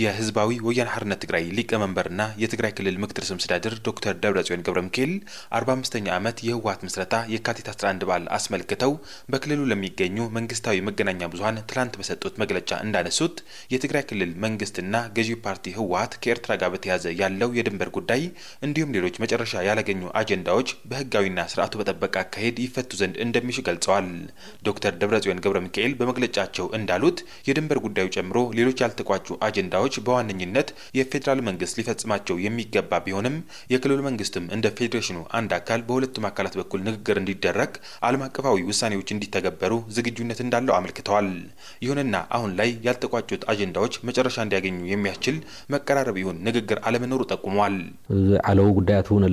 የህዝባዊ ወያነ ሓርነት ትግራይ ሊቀመንበርና የትግራይ ክልል ምክትል ርዕሰ መስተዳድር ዶክተር ደብረጽዮን ገብረ ሚካኤል 45ኛ ዓመት የህወሀት ምስረታ የካቲት 11 በዓል አስመልክተው በክልሉ ለሚገኙ መንግስታዊ መገናኛ ብዙሀን ትላንት በሰጡት መግለጫ እንዳነሱት የትግራይ ክልል መንግስትና ገዢ ፓርቲ ህወሀት ከኤርትራ ጋር በተያያዘ ያለው የድንበር ጉዳይ እንዲሁም ሌሎች መጨረሻ ያላገኙ አጀንዳዎች በህጋዊና ስርዓቱ በጠበቀ አካሄድ ይፈቱ ዘንድ እንደሚሹ ገልጸዋል። ዶክተር ደብረጽዮን ገብረ ሚካኤል በመግለጫቸው እንዳሉት የድንበር ጉዳዩ ጨምሮ ሌሎች ያልተቋጩ አጀንዳ ስራዎች በዋነኝነት የፌዴራል መንግስት ሊፈጽማቸው የሚገባ ቢሆንም የክልሉ መንግስትም እንደ ፌዴሬሽኑ አንድ አካል በሁለቱም አካላት በኩል ንግግር እንዲደረግ ዓለም አቀፋዊ ውሳኔዎች እንዲተገበሩ ዝግጁነት እንዳለው አመልክተዋል። ይሁንና አሁን ላይ ያልተቋጩት አጀንዳዎች መጨረሻ እንዲያገኙ የሚያስችል መቀራረብ ይሁን ንግግር አለመኖሩ ጠቁሟል። አለው ጉዳያት እውን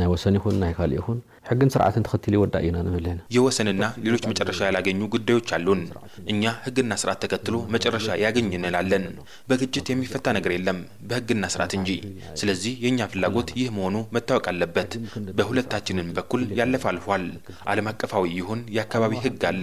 ናይ ወሰን ይሁን ናይ ካልእ ይሁን ሕግን ስርዓትን ተኸቲል ይወዳ ኢና ንብልህና የወሰንና ሌሎች መጨረሻ ያላገኙ ጉዳዮች አሉን። እኛ ሕግና ስርዓት ተከትሎ መጨረሻ ያገኝ እንላለን። በግጭት የሚፈታ ነገር የለም በሕግና ስርዓት እንጂ። ስለዚህ የእኛ ፍላጎት ይህ መሆኑ መታወቅ አለበት። በሁለታችንም በኩል ያለፈ አልፏል። ዓለም አቀፋዊ ይሁን የአካባቢ ሕግ አለ።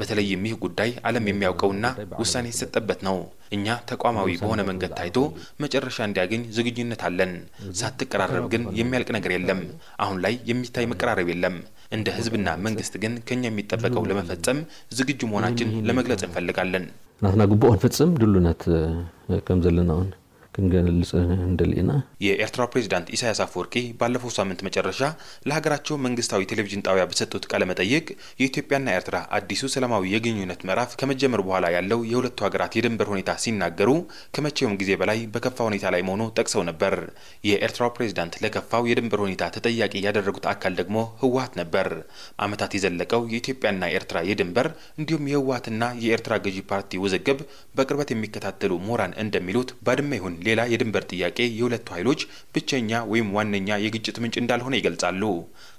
በተለይም ይህ ጉዳይ ዓለም የሚያውቀውና ውሳኔ የተሰጠበት ነው። እኛ ተቋማዊ በሆነ መንገድ ታይቶ መጨረሻ እንዲያገኝ ዝግጁነት አለን። ሳትቀራረብ ግን የሚያልቅ ነገር የለም። አሁን ላይ የሚታይ መቀራረብ ቀራሪው የለም። እንደ ህዝብና መንግስት ግን ከኛ የሚጠበቀው ለመፈጸም ዝግጁ መሆናችን ለመግለጽ እንፈልጋለን ናትና ግቡኦ ንፍፅም ድሉነት ከም ዘለና እውን ክንገልጽ እንደሌና የኤርትራ ፕሬዚዳንት ኢሳያስ አፈወርቂ ባለፈው ሳምንት መጨረሻ ለሀገራቸው መንግስታዊ ቴሌቪዥን ጣቢያ በሰጡት ቃለ መጠይቅ የኢትዮጵያና ኤርትራ አዲሱ ሰላማዊ የግንኙነት ምዕራፍ ከመጀመር በኋላ ያለው የሁለቱ ሀገራት የድንበር ሁኔታ ሲናገሩ ከመቼውም ጊዜ በላይ በከፋ ሁኔታ ላይ መሆኑ ጠቅሰው ነበር። የኤርትራው ፕሬዚዳንት ለከፋው የድንበር ሁኔታ ተጠያቂ ያደረጉት አካል ደግሞ ህወሀት ነበር። አመታት የዘለቀው የኢትዮጵያና ኤርትራ የድንበር እንዲሁም የህወሀትና የኤርትራ ገዢ ፓርቲ ውዝግብ በቅርበት የሚከታተሉ ምሁራን እንደሚሉት ባድመ ይሁን ሌላ የድንበር ጥያቄ የሁለቱ ኃይሎች ብቸኛ ወይም ዋነኛ የግጭት ምንጭ እንዳልሆነ ይገልጻሉ።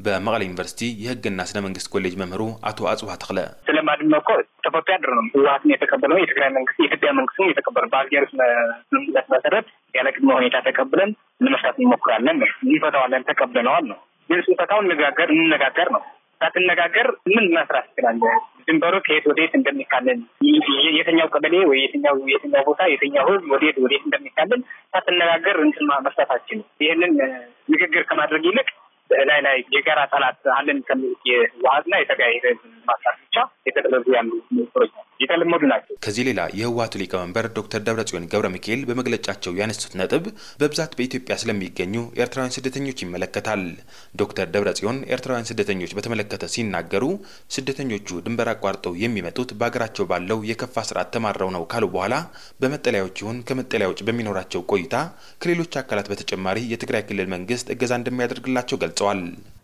በመቀለ ዩኒቨርሲቲ የህግና ስነ መንግስት ኮሌጅ መምህሩ አቶ አጽዋ ተክለ ስለማድመ እኮ ተፈቶ ያድር ነው ህወሓትን የተቀበለው የትግራይ መንግስት የኢትዮጵያ መንግስት የተቀበለው በአልጀር ስምምነት መሰረት ያለ ቅድመ ሁኔታ ተቀብለን ለመፍታት እንሞክራለን ነው እንፈታዋለን ተቀብለነዋል ነው ግን ስንፈታው እንነጋገር እንነጋገር ነው ሳትነጋገር ምን መስራት ትችላለህ? ድንበሩ ከየት ወደየት እንደሚካለል የትኛው ቀበሌ ወይ የትኛው የትኛው ቦታ የትኛው ህዝብ ወደየት ወደየት እንደሚካለል ሳትነጋገር እንትን መስራታችን ይህንን ንግግር ከማድረግ ይልቅ ላይ ላይ የጋራ ጠላት አለን ከሚሉት የዋሃትና የተጋሄደ ማስራት ብቻ የተደረጉ ያሉ ፕሮጀክት የተለመዱ ናቸው። ከዚህ ሌላ የህወሀቱ ሊቀመንበር ዶክተር ደብረጽዮን ገብረ ሚካኤል በመግለጫቸው ያነሱት ነጥብ በብዛት በኢትዮጵያ ስለሚገኙ ኤርትራውያን ስደተኞች ይመለከታል። ዶክተር ደብረጽዮን ኤርትራውያን ስደተኞች በተመለከተ ሲናገሩ ስደተኞቹ ድንበር አቋርጠው የሚመጡት በሀገራቸው ባለው የከፋ ስርዓት ተማረው ነው ካሉ በኋላ በመጠለያዎች ይሁን ከመጠለያ በሚኖራቸው ቆይታ ከሌሎች አካላት በተጨማሪ የትግራይ ክልል መንግስት እገዛ እንደሚያደርግላቸው ገልጸዋል።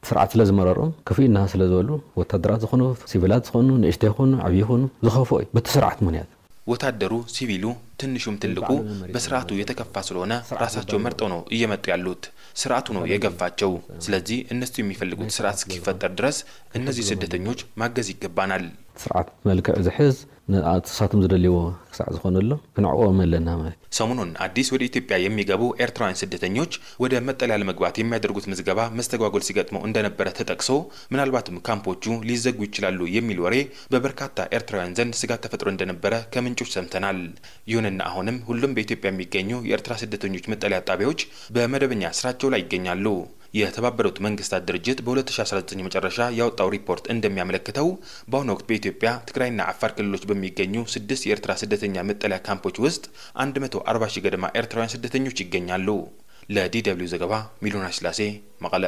ስርዓት ስለ ዝመረሮም ከፍኢና ስለ ዝበሉ ወታደራት ዝኾኑ ሲቪላት ዝኾኑ ንእሽተ ይኹኑ ዓብዪ ይኹኑ ዝኸፍኦ እዩ በቲ ስርዓት ምክንያት ወታደሩ ሲቪሉ ትንሹም ትልቁ በስርዓቱ የተከፋ ስለሆነ ራሳቸው መርጠው ነው እየመጡ ያሉት። ስርዓቱ ነው የገፋቸው። ስለዚህ እነሱ የሚፈልጉት ስርዓት እስኪፈጠር ድረስ እነዚህ ስደተኞች ማገዝ ይገባናል። ስርዓት መልክዕ ዝሕዝ ንሳቶም ዝደልይዎ ክሳዕ ዝኾነሎ ክንዕቆም ኣለና ማለት ሰሙኑን አዲስ ወደ ኢትዮጵያ የሚገቡ ኤርትራውያን ስደተኞች ወደ መጠለያ ለመግባት የሚያደርጉት ምዝገባ መስተጓጎል ሲገጥመው እንደነበረ ተጠቅሶ ምናልባትም ካምፖቹ ሊዘጉ ይችላሉ የሚል ወሬ በበርካታ ኤርትራውያን ዘንድ ስጋት ተፈጥሮ እንደነበረ ከምንጮች ሰምተናል። ይሁንና አሁንም ሁሉም በኢትዮጵያ የሚገኙ የኤርትራ ስደተኞች መጠለያ ጣቢያዎች በመደበኛ ስራቸው ላይ ይገኛሉ። የተባበሩት መንግስታት ድርጅት በ2019 መጨረሻ ያወጣው ሪፖርት እንደሚያመለክተው በአሁኑ ወቅት በኢትዮጵያ ትግራይና አፋር ክልሎች በሚገኙ ስድስት የኤርትራ ስደተኛ መጠለያ ካምፖች ውስጥ 140 ሺህ ገደማ ኤርትራውያን ስደተኞች ይገኛሉ። ለዲ ደብልዩ ዘገባ ሚሊዮን ስላሴ መቀለ